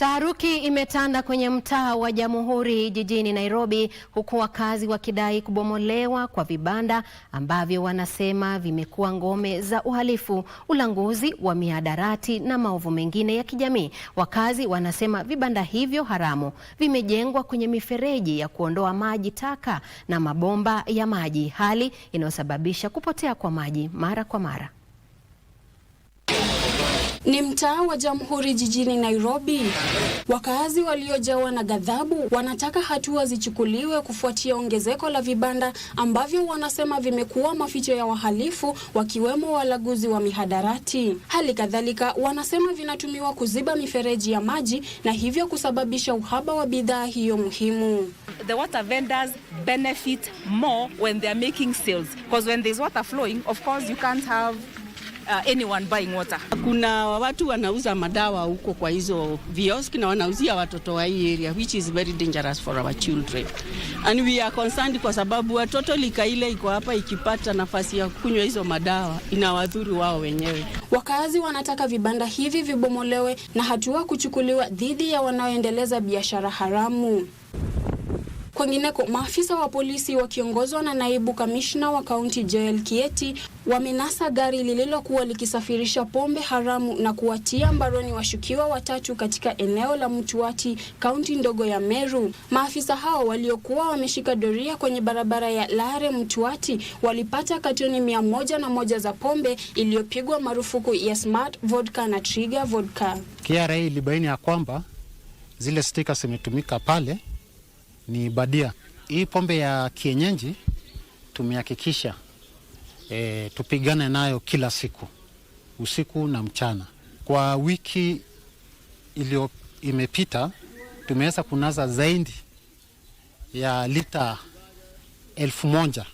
Taharuki imetanda kwenye mtaa wa Jamhuri jijini Nairobi huku wakazi wakidai kubomolewa kwa vibanda ambavyo wanasema vimekuwa ngome za uhalifu, ulanguzi wa mihadarati na maovu mengine ya kijamii. Wakazi wanasema vibanda hivyo haramu vimejengwa kwenye mifereji ya kuondoa maji taka na mabomba ya maji, hali inayosababisha kupotea kwa maji mara kwa mara. Ni mtaa wa Jamhuri jijini Nairobi. Wakaazi waliojawa na ghadhabu wanataka hatua zichukuliwe kufuatia ongezeko la vibanda ambavyo wanasema vimekuwa maficho ya wahalifu wakiwemo walaguzi wa mihadarati. Hali kadhalika wanasema vinatumiwa kuziba mifereji ya maji na hivyo kusababisha uhaba wa bidhaa hiyo muhimu. The water vendors benefit more when they are making sales because when there's water flowing of course you can't have uh, anyone buying water. Kuna watu wanauza madawa huko kwa hizo vioski na wanauzia watoto wa hii area which is very dangerous for our children and we are concerned kwa sababu watoto lika ile iko hapa ikipata nafasi ya kunywa hizo madawa inawadhuru wao wenyewe. Wakazi wanataka vibanda hivi vibomolewe na hatua kuchukuliwa dhidi ya wanaoendeleza biashara haramu. Kwingineko, maafisa wa polisi wakiongozwa na naibu kamishna wa kaunti Joel Kieti wamenasa gari lililokuwa likisafirisha pombe haramu na kuwatia mbaroni washukiwa watatu katika eneo la Mtuati, kaunti ndogo ya Meru. Maafisa hao waliokuwa wameshika doria kwenye barabara ya Lare Mtuati walipata katoni mia moja na moja za pombe iliyopigwa marufuku ya Smart Vodka na Trigger Vodka. KRA ilibaini ya kwamba zile stika zimetumika pale ni badia. Hii pombe ya kienyeji tumehakikisha e, tupigane nayo kila siku usiku na mchana. Kwa wiki iliyo imepita tumeweza kunaza zaidi ya lita elfu moja.